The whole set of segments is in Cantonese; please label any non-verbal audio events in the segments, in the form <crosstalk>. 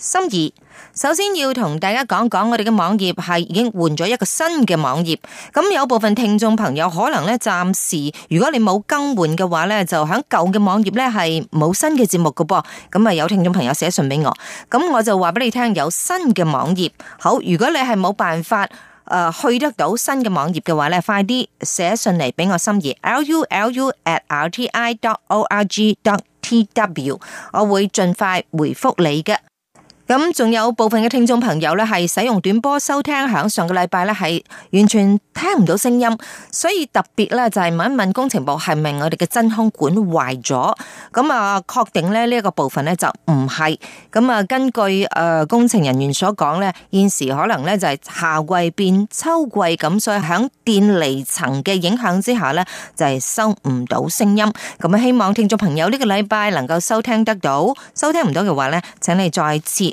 心儀，首先要同大家講講，我哋嘅網頁係已經換咗一個新嘅網頁。咁有部分聽眾朋友可能咧，暫時如果你冇更換嘅話咧，就喺舊嘅網頁咧係冇新嘅節目㗎噃。咁啊，有聽眾朋友寫信俾我，咁我就話俾你聽有新嘅網頁。好，如果你係冇辦法誒去得到新嘅網頁嘅話咧，快啲寫信嚟俾我。心儀 lulu at rti dot org dot tw，我會盡快回覆你嘅。咁仲有部分嘅聽眾朋友咧，係使用短波收聽，響上個禮拜咧，係完全聽唔到聲音，所以特別咧就係問一問工程部係咪我哋嘅真空管壞咗？咁啊，確定咧呢一個部分咧就唔係。咁啊，根據誒工程人員所講咧，現時可能咧就係夏季變秋季咁，所以響電離層嘅影響之下咧，就係收唔到聲音。咁啊，希望聽眾朋友呢個禮拜能夠收聽得到，收聽唔到嘅話咧，請你再次。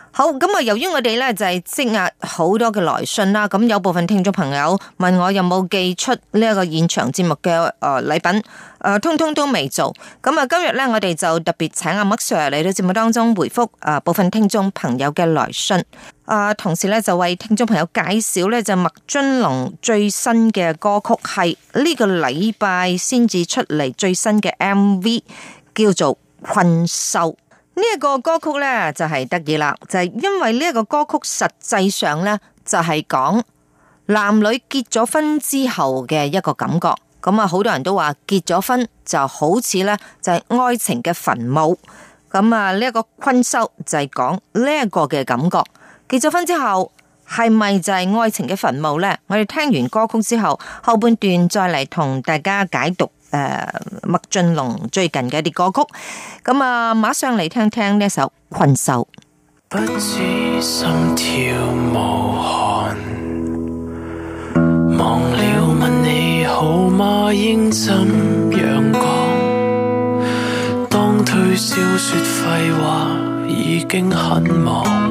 好咁啊！由於我哋咧就係積壓好多嘅來信啦，咁有部分聽眾朋友問我有冇寄出呢一個現場節目嘅誒禮品，誒通通都未做。咁啊今日咧我哋就特別請阿麥 Sir 嚟到節目當中回覆誒部分聽眾朋友嘅來信。啊，同時咧就為聽眾朋友介紹咧就麥浚龍最新嘅歌曲係呢個禮拜先至出嚟最新嘅 MV 叫做《困獸》。呢、這、一個歌曲呢，就係得意啦，就係因為呢一個歌曲實際上呢，就係講男女結咗婚之後嘅一個感覺。咁啊，好多人都話結咗婚就好似呢、這個，就係愛情嘅墳墓。咁啊，呢一個困獸就係講呢一個嘅感覺。結咗婚之後係咪就係愛情嘅墳墓呢？我哋聽完歌曲之後，後半段再嚟同大家解讀。誒、呃，麥浚龍最近嘅一啲歌曲，咁啊，馬上嚟聽聽呢一首《困獸》。不知心跳無汗，忘了問你好嗎？應怎樣講？當推銷說廢話，已經很忙。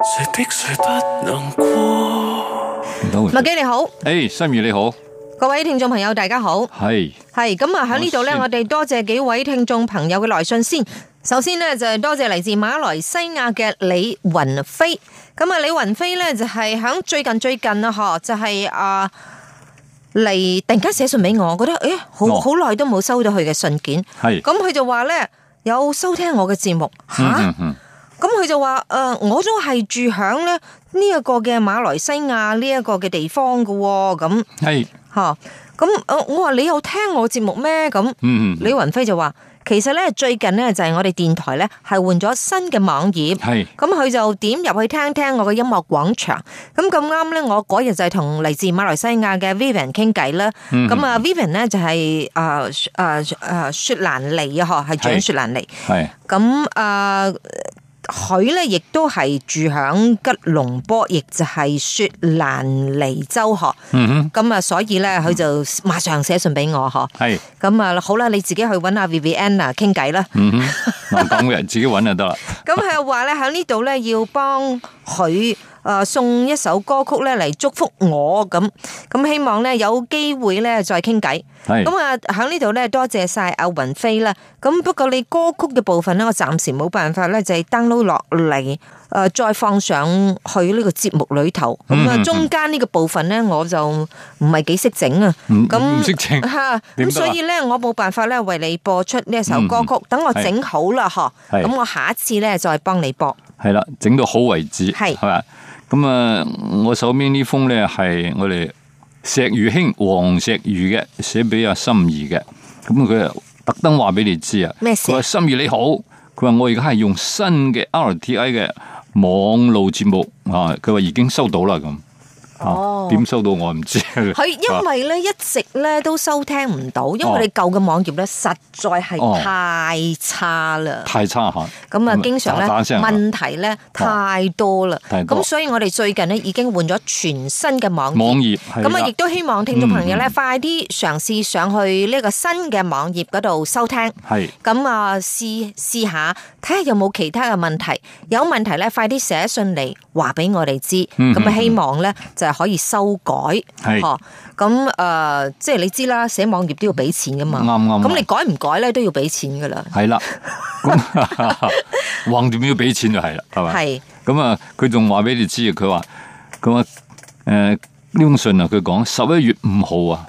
誰的誰不能過，麥基你好，誒，心如你好，各位聽眾朋友大家好，係係咁啊，喺呢度呢，我哋多謝幾位聽眾朋友嘅來信先。首先呢就係多謝嚟自馬來西亞嘅李云飛，咁啊李云飛呢就係喺最近最近啊嗬，就係啊嚟突然間寫信俾我，覺得誒好好耐都冇收到佢嘅信件，係，咁佢就話呢有收聽我嘅節目吓。咁佢就話誒、呃，我都係住響咧，呢一個嘅馬來西亞呢一個嘅地方噶。哦，咁係吓，咁我我話你有聽我節目咩？咁嗯嗯，李雲飛就話其實咧最近咧就係我哋電台咧係換咗新嘅網頁，係，咁佢就點入去聽聽我嘅音樂廣場。咁咁啱咧，我嗰日就係同嚟自馬來西亞嘅 Vivian 傾偈啦。咁啊 Vivian 咧就係誒誒誒雪蘭妮啊，嗬係長雪蘭妮，係咁啊。佢咧亦都係住響吉隆坡，亦就係雪蘭尼州嗬。嗯哼，咁啊，所以咧，佢就馬上寫信俾我嗬。係，咁啊，好啦，你自己去搵下 Viviana 傾偈啦。嗯哼，咁人 <laughs> 自己搵就得啦。咁佢話咧喺呢度咧要幫佢。誒，送一首歌曲咧嚟祝福我咁，咁希望咧有機會咧再傾偈。係咁啊，喺呢度咧多謝晒阿雲飛啦。咁不過你歌曲嘅部分咧，我暫時冇辦法咧，就係 download 落嚟。誒，再放上去呢個節目裏頭，咁啊中間呢個部分咧，我就唔係幾識整啊，咁唔識整吓，咁、嗯嗯、所以咧，我冇辦法咧為你播出呢一首歌曲，嗯嗯、等我整好啦呵，咁我下一次咧就係幫你播，係啦，整到好為止，係係嘛，咁啊，我手邊呢封咧係我哋石如兄黃石如嘅寫俾阿心儀嘅，咁佢啊特登話俾你知啊，咩事？佢話心儀你好。佢話我而家係用新嘅 RTI 嘅網路節目啊！佢話已經收到啦咁。哦，點收到我唔知。係因為咧，一直咧都收聽唔到，因為我哋舊嘅網頁咧，實在係太差啦。太差吓！咁啊，經常咧問題咧太多啦。太多。咁所以我哋最近咧已經換咗全新嘅網頁。網頁。咁啊，亦都希望聽眾朋友咧快啲嘗試上去呢個新嘅網頁嗰度收聽。係。咁啊，試試下睇下有冇其他嘅問題。有問題咧，快啲寫信嚟話俾我哋知。嗯。咁啊，希望咧就。可以修改，嗬，咁、哦、誒、呃，即係你知啦，寫網頁、嗯嗯嗯、都要俾錢噶嘛，啱啱。咁你改唔改咧都要俾錢噶啦，係啦，橫掂要俾錢就係啦，係嘛，係。咁、嗯呃這個、啊，佢仲話俾你知，佢話佢話誒，呢封信啊，佢講十一月五號啊，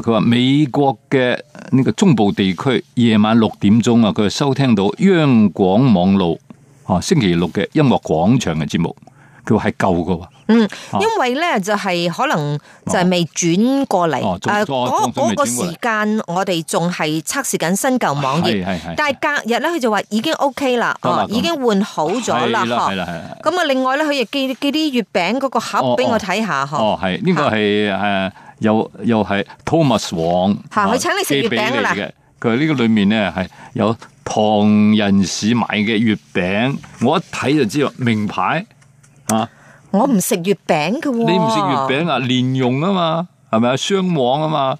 佢話美國嘅呢個中部地區夜晚六點鐘啊，佢係收聽到央廣網路啊，星期六嘅音樂廣場嘅節目。佢係舊嘅喎，嗯，啊、因為咧就係可能就係未轉過嚟，誒、哦，嗰、啊那個時間我哋仲係測試緊新舊網頁，但係隔日咧，佢就話已經 OK 啦、哦，已經換好咗啦，係啦係咁啊，另外咧，佢亦寄寄啲月餅嗰個盒俾我睇下，哦，係呢、哦這個係誒，又又係 Thomas 黃吓，啊，佢請你食月餅啦，佢佢呢個裏面咧係有唐人市買嘅月餅，我一睇就知道名牌。啊！我唔食月餅噶、啊，你唔食月餅啊？蓮蓉啊嘛，係咪啊？雙黃啊嘛，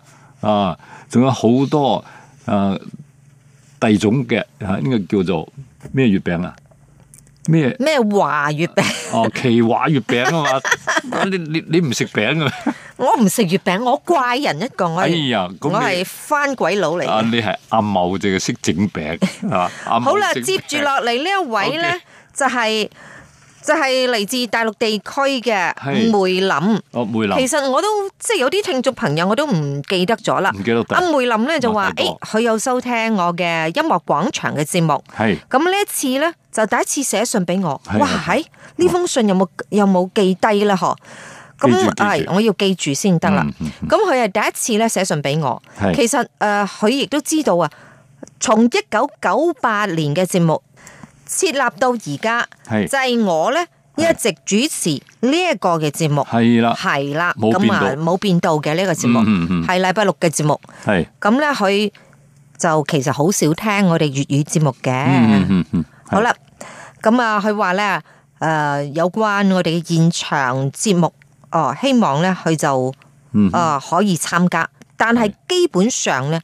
啊，仲有好多誒、啊，第種嘅吓，呢個叫做咩月餅啊？咩咩華月餅、啊？哦，奇華月餅啊嘛！ <laughs> 你你你唔食餅嘅咩？我唔食月餅，我怪人一個，哎、呀，我係翻鬼佬嚟。啊，你 <laughs> 係、啊、阿茂淨係識整餅啊？好啦，接住落嚟呢一位咧，okay. 就係、是。就係、是、嚟自大陸地區嘅梅林，哦梅林，其實我都即係有啲聽眾朋友我都唔記得咗啦。唔記得阿梅林咧就話誒，佢，哎、有收聽我嘅音樂廣場嘅節目，係咁呢一次咧就第一次寫信俾我，哇呢、哎、封信有冇有冇、哦、記低咧？嗬，咁係、哎、我要記住先得啦。咁佢係第一次咧寫信俾我，其實誒佢亦都知道啊，從一九九八年嘅節目。設立到而家，係就係、是、我咧一直主持呢一個嘅節目，係啦，係啦，咁啊冇變到嘅呢個節目，係禮拜六嘅節目，係咁咧佢就其實好少聽我哋粵語節目嘅、嗯嗯嗯，好啦，咁啊佢話咧誒有關我哋嘅現場節目哦、呃，希望咧佢就啊、嗯嗯呃、可以參加，但係基本上咧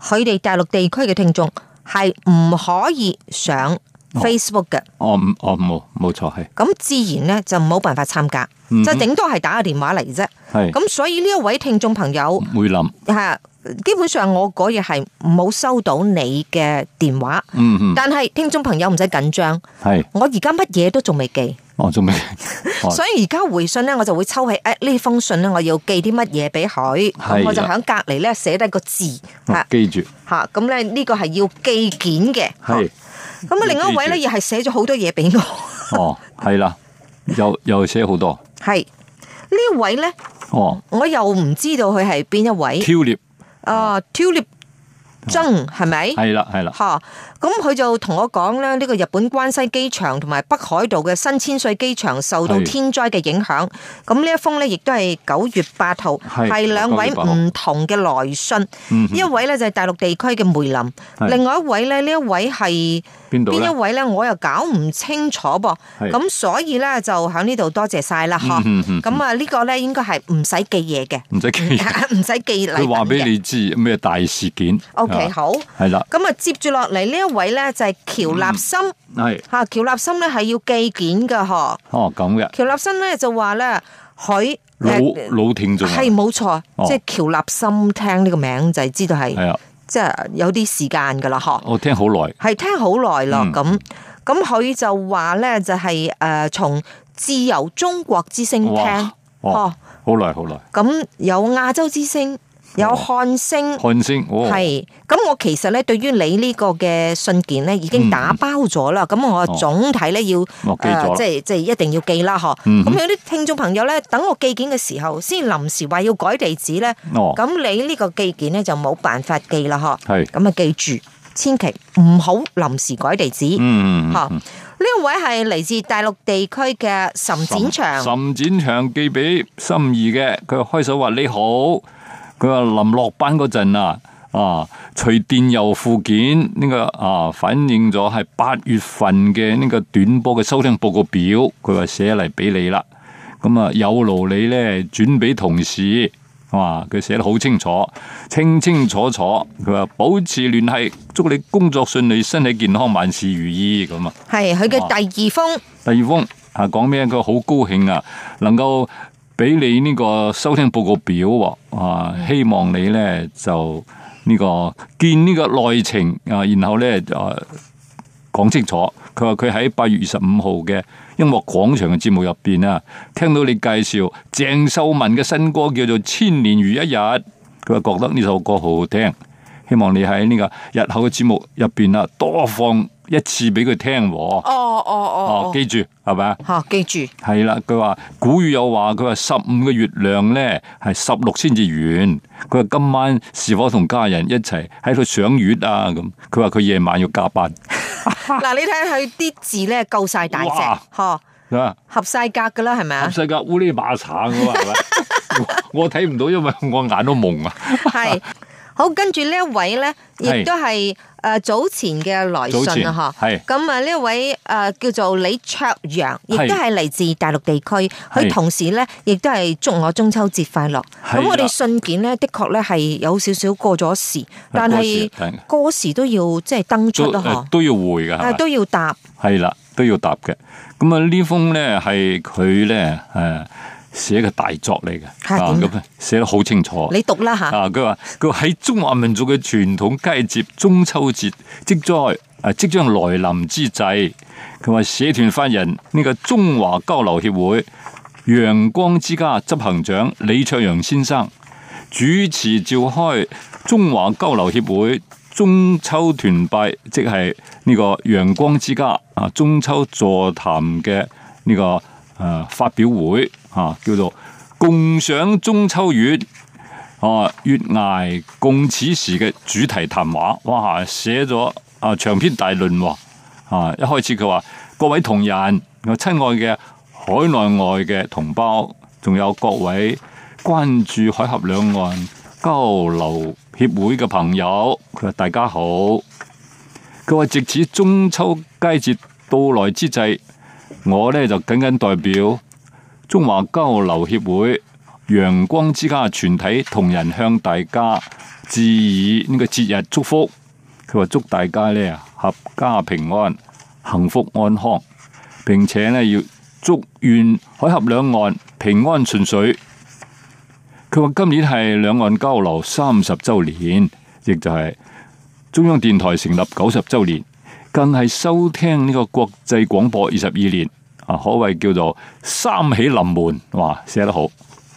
佢哋大陸地區嘅聽眾係唔可以上。哦、Facebook 嘅，我、哦、唔，冇、哦，冇錯係。咁自然咧就冇辦法參加，嗯、就頂多係打個電話嚟啫。係。咁所以呢一位聽眾朋友梅林，吓，基本上我嗰日係冇收到你嘅電話。嗯嗯、但係聽眾朋友唔使緊張，係。我而家乜嘢都仲未寄。哦，仲未。所以而家回信咧，我就會抽起誒呢封信咧，我要寄啲乜嘢俾佢，我就喺隔籬咧寫低個字吓、哦，記住吓。咁咧呢個係要寄件嘅。係。啊咁啊，另一位咧，又係寫咗好多嘢俾我 <laughs> 。哦，係啦，又又寫好多。係呢位咧，哦，我又唔知道佢係邊一位。挑獵、哦，啊、哦，挑獵爭係咪？係啦，係啦，吓。咁佢就同我講咧，呢、這個日本關西機場同埋北海道嘅新千歲機場受到天災嘅影響。咁呢一封呢，亦都係九月八號，係兩位唔同嘅來信。呢、嗯、一位呢，就係、是、大陸地區嘅梅林，嗯、另外一位呢，呢一位係邊度？邊一位呢？我又搞唔清楚噃。咁所以呢，就喺呢度多謝晒啦，咁啊呢個呢，應該係唔使記嘢嘅，唔使記唔使 <laughs> 記嚟。佢話俾你知 <laughs> 咩大事件？O、okay, K 好，係啦。咁啊接住落嚟咧。位咧就係喬立森，係吓喬立森咧係要寄件噶嗬。哦，咁嘅喬立森咧就話咧佢老老聽咗，係冇錯，即係喬立森聽呢個名就係知道係，即係有啲時間噶啦嗬。我聽好耐，係聽好耐咯。咁咁佢就話咧就係誒從自由中國之聲聽，嗬，好耐好耐。咁有亞洲之聲。.有漢星，哦、漢星，係、哦、咁我其實咧，對於你呢個嘅信件咧，已經打包咗啦。咁、嗯、我總體咧要，哦呃、即係即係一定要寄啦，嗬、嗯。咁有啲聽眾朋友咧，等我寄件嘅時候，先臨時話要改地址咧。咁、哦、你呢個寄件咧就冇辦法寄啦，嗬。係咁啊，記住，千祈唔好臨時改地址，嗯、吓、哦。呢、嗯這個、位係嚟自大陸地區嘅岑展祥，岑，岑展祥寄俾心怡嘅，佢開手話你好。佢話臨落班嗰陣啊，啊，隨電郵附件呢個啊，反映咗係八月份嘅呢個短波嘅收聽報告表，佢話寫嚟俾你啦。咁啊，有勞你咧轉俾同事，哇、啊，佢寫得好清楚，清清楚楚。佢話保持聯繫，祝你工作順利，身體健康，萬事如意。咁啊，係佢嘅第二封。啊、第二封啊，講咩？佢好高興啊，能夠。俾你呢個收聽報告表，啊，希望你呢就呢、呢個見呢個內情啊，然後呢就、啊、講清楚。佢話佢喺八月二十五號嘅音樂廣場嘅節目入邊啊，聽到你介紹鄭秀文嘅新歌叫做《千年如一日》，佢話覺得呢首歌好好聽，希望你喺呢個日後嘅節目入邊啊多放一次俾佢聽喎。哦哦哦，記住係咪啊？哦，記住。係、哦、啦，佢話、啊、古語有話，佢話十五個月亮咧，係十六先至圓。佢話今晚是否同家人一齊喺度賞月啊？咁佢話佢夜晚要加班。嗱、 <laughs> 啊，你睇下佢啲字咧，夠晒大隻，嗬、哦，合晒格噶啦，係咪啊？合晒格烏哩馬鏟㗎嘛？我睇唔到，因為我眼都蒙啊。 <laughs> 係好，跟住呢一位咧，亦都係。誒，早前嘅來信啊，嗬，咁啊呢位誒叫做李卓陽，亦都係嚟自大陸地區，佢同時咧亦都係祝我中秋節快樂。咁我哋信件咧的確咧係有少少過咗時，但係過時都要即係登出咯，啊，都要回噶吓，都要答。係啦，都要答嘅。咁啊呢封咧係佢咧誒。寫嘅大作嚟嘅，咁、啊、寫得好清楚。你讀啦吓。啊，佢話佢喺中華民族嘅傳統佳節中秋節即在誒即將來臨之際，佢話社團法人呢個中華交流協會陽光之家執行長李卓陽先生主持召開中華交流協會中秋團拜，即係呢個陽光之家啊中秋座談嘅呢個誒、啊、發表會。叫做共賞中秋月，啊，月涯共此時嘅主題談話，哇，寫咗啊長篇大論，啊，一開始佢話各位同仁，我親愛嘅海內外嘅同胞，仲有各位關注海峽兩岸交流協會嘅朋友，佢話大家好，佢話值此中秋佳節到來之際，我呢就僅僅代表。中華交流協會陽光之家全體同仁向大家致以呢個節日祝福。佢話祝大家呢合家平安、幸福安康，並且呢要祝願海峽兩岸平安順遂。佢話今年係兩岸交流三十周年，亦就係中央電台成立九十周年，更係收聽呢個國際廣播二十二年。可謂叫做三喜臨門，哇，寫得好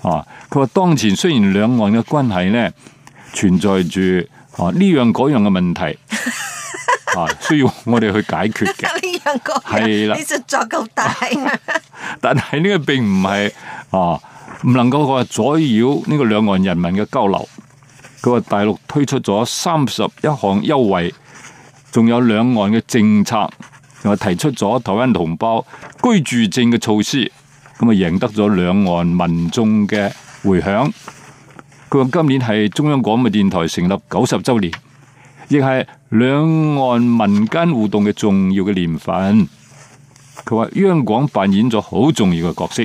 啊！佢話當前雖然兩岸嘅關係呢存在住啊呢樣嗰樣嘅問題， <laughs> 啊，需要我哋去解決嘅。呢樣係啦，你就作夠大。 <laughs> 但係呢個並唔係啊，唔能夠話阻擾呢個兩岸人民嘅交流。佢 <laughs> 話大陸推出咗三十一項優惠，仲有兩岸嘅政策。提出咗台灣同胞居住證嘅措施，咁啊贏得咗兩岸民眾嘅回響。佢話今年係中央廣播電台成立九十周年，亦係兩岸民間互動嘅重要嘅年份。佢話央廣扮演咗好重要嘅角色，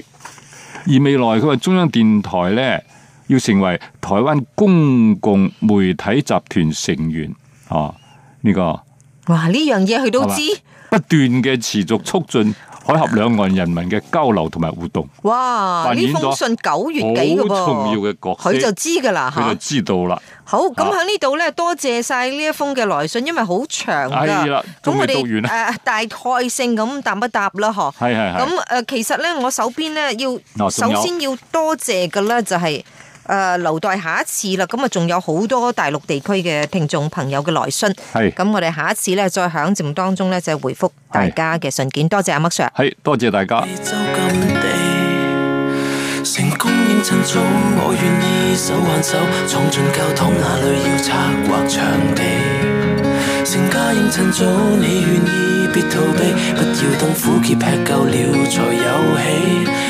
而未來佢話中央電台呢要成為台灣公共媒體集團成員。呢、啊呢個哇，呢樣嘢佢都知道。不斷嘅持續促進海峽兩岸人民嘅交流同埋互動。哇！呢封信九月幾嘅噃，重要嘅角色佢就知噶啦，佢就知道啦、啊。好，咁喺呢度咧，多謝晒呢一封嘅來信，因為好長。係啦，咁我哋誒，大概性咁答一答啦，嗬。係係係。咁、呃、誒，其實咧，我手邊咧要、哦、首先要多謝嘅咧、就是，就係。誒、呃、留待下一次啦，咁啊仲有好多大陸地區嘅聽眾朋友嘅來信，係，咁我哋下一次呢，再響節目當中呢，就回覆大家嘅信件，多謝阿麥 Sir，係，多謝大家。成功應趁早，我願意手挽手，闖進教堂，那裏要策劃場地。成家應趁早，你願意，別逃避，不要等苦澀吃夠了，才有喜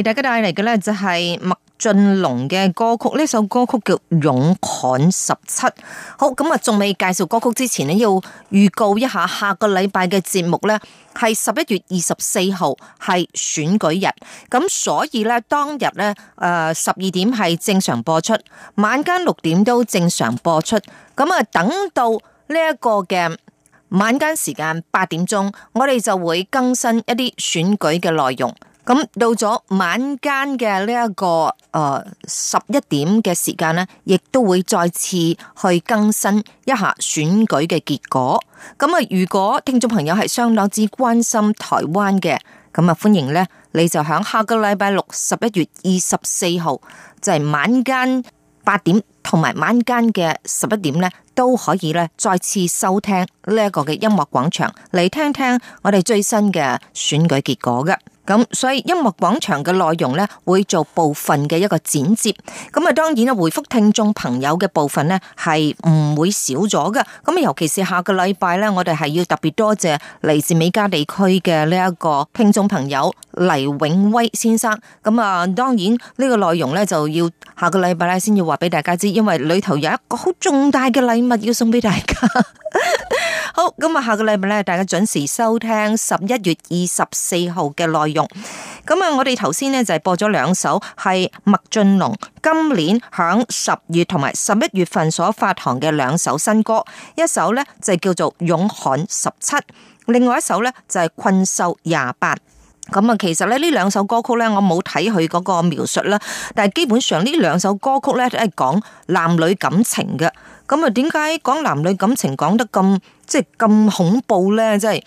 為大家帶嚟嘅呢就係麥浚龍嘅歌曲，呢首歌曲叫《勇悍十七》。好，咁啊，仲未介紹歌曲之前呢，要預告一下下個禮拜嘅節目呢，係十一月二十四號係選舉日，咁所以呢，當日呢，誒十二點係正常播出，晚間六點都正常播出。咁啊，等到呢一個嘅晚間時間八點鐘，我哋就會更新一啲選舉嘅內容。咁到咗晚間嘅呢一個誒十一點嘅時間呢，亦都會再次去更新一下選舉嘅結果。咁啊，如果聽眾朋友係相當之關心台灣嘅，咁啊歡迎呢，你就響下個禮拜六十一月二十四號，就係晚間八點同埋晚間嘅十一點呢。都可以咧，再次收聽呢一個嘅音樂廣場，嚟聽聽我哋最新嘅選舉結果嘅。咁所以音樂廣場嘅內容咧，會做部分嘅一個剪接。咁啊，當然啦，回覆聽眾朋友嘅部分咧係唔會少咗嘅。咁啊，尤其是下個禮拜咧，我哋係要特別多謝嚟自美加地區嘅呢一個聽眾朋友黎永威先生。咁啊，當然呢個內容咧就要下個禮拜咧先要話俾大家知，因為裏頭有一個好重大嘅禮物。物要送俾大家， <laughs> 好，咁啊，下個禮拜咧，大家準時收聽十一月二十四號嘅內容。咁啊，我哋頭先咧就係、是、播咗兩首係麥浚龍今年響十月同埋十一月份所發行嘅兩首新歌，一首咧就叫做《勇悍十七》，另外一首咧就係、是《困獸廿八》。咁啊，其實咧呢兩首歌曲咧，我冇睇佢嗰個描述啦，但係基本上呢兩首歌曲咧都係講男女感情嘅。咁啊，點解講男女感情講得咁即係咁恐怖咧？即係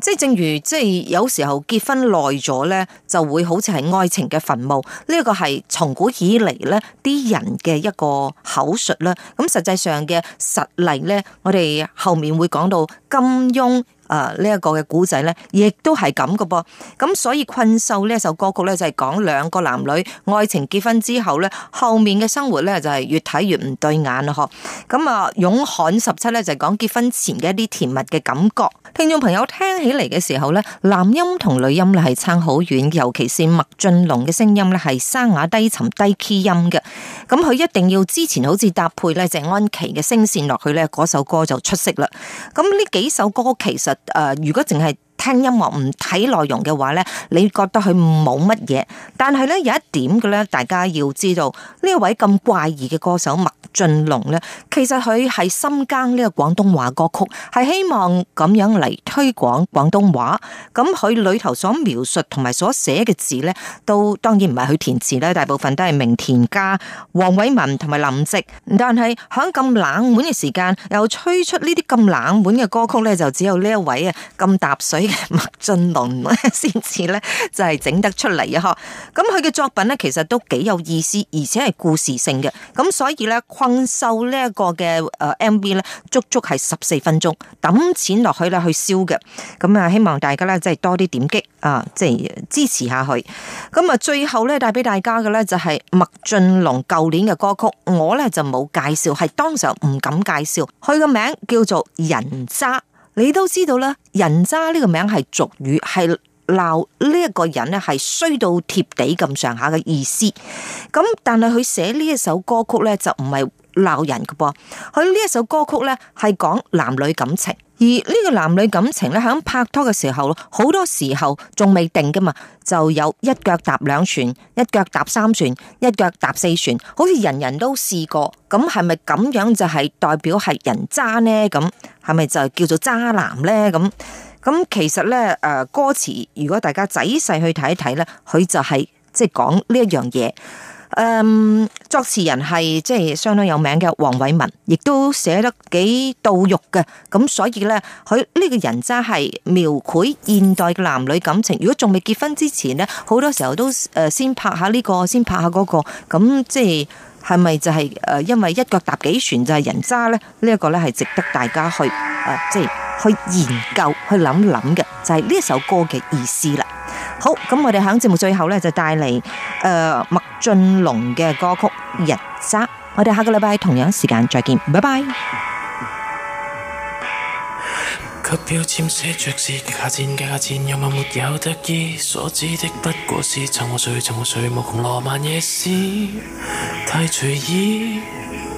即係正如即係有時候結婚耐咗咧，就會好似係愛情嘅墳墓。呢個係從古以嚟咧啲人嘅一個口述啦。咁實際上嘅實例咧，我哋後面會講到金庸。啊！呢、這、一個嘅古仔呢，亦都係咁嘅噃。咁所以《困獸》呢一首歌曲呢，就係、是、講兩個男女愛情結婚之後呢，後面嘅生活呢，就係、是、越睇越唔對眼咯～嗬。咁啊，《勇悍十七》呢，就係、是、講結婚前嘅一啲甜蜜嘅感覺。聽眾朋友聽起嚟嘅時候呢，男音同女音呢係差好遠，尤其是麥浚龍嘅聲音呢，係沙啞低沉低 key 音嘅。咁佢一定要之前好似搭配呢鄭安琪嘅聲線落去呢，嗰首歌就出色啦。咁呢幾首歌其實～誒、呃，如果淨係聽音樂唔睇內容嘅話咧，你覺得佢冇乜嘢？但係咧有一點嘅咧，大家要知道呢一位咁怪異嘅歌手麥浚龍咧，其實佢係深耕呢個廣東話歌曲，係希望咁樣嚟推廣廣東話。咁佢裏頭所描述同埋所寫嘅字咧，都當然唔係佢填詞啦，大部分都係名填家黃偉文同埋林夕。但係響咁冷門嘅時間，又推出呢啲咁冷門嘅歌曲咧，就只有呢一位啊咁踏水。麥浚龍先至咧就係整得出嚟啊！嗬，咁佢嘅作品咧，其實都幾有意思，而且係故事性嘅。咁所以咧，困獸呢一個嘅誒 M V 咧，足足係十四分鐘，抌錢落去咧去燒嘅。咁啊，希望大家咧即係多啲點擊啊，即係支持下佢。咁啊，最後咧帶俾大家嘅咧就係麥浚龍舊年嘅歌曲，我咧就冇介紹，係當時唔敢介紹。佢個名叫做人渣。你都知道啦，人渣呢個名係俗語，係鬧呢一個人咧係衰到貼地咁上下嘅意思。咁但係佢寫呢一首歌曲咧就唔係鬧人嘅噃，佢呢一首歌曲咧係講男女感情。而呢個男女感情咧喺拍拖嘅時候，好多時候仲未定噶嘛，就有一腳踏兩船，一腳踏三船，一腳踏四船，好似人人都試過。咁係咪咁樣就係代表係人渣呢？咁係咪就叫做渣男呢？咁咁其實咧誒、呃，歌詞如果大家仔細去睇一睇咧，佢就係即係講呢一樣嘢。就是嗯、um,，作詞人係即係相當有名嘅黃偉文，亦都寫得幾到肉嘅，咁所以呢，佢呢、這個人渣係描繪現代嘅男女感情。如果仲未結婚之前呢，好多時候都誒先拍下呢、這個，先拍下嗰、那個，咁即係係咪就係誒因為一腳踏幾船就係人渣呢？呢、這、一個呢係值得大家去誒、呃、即係去研究去諗諗嘅，就係呢一首歌嘅意思啦。好，咁我哋喺節目最後呢，就帶嚟誒麥浚龍嘅歌曲《人渣》，我哋下個禮拜同樣時間再見，拜拜。 <music>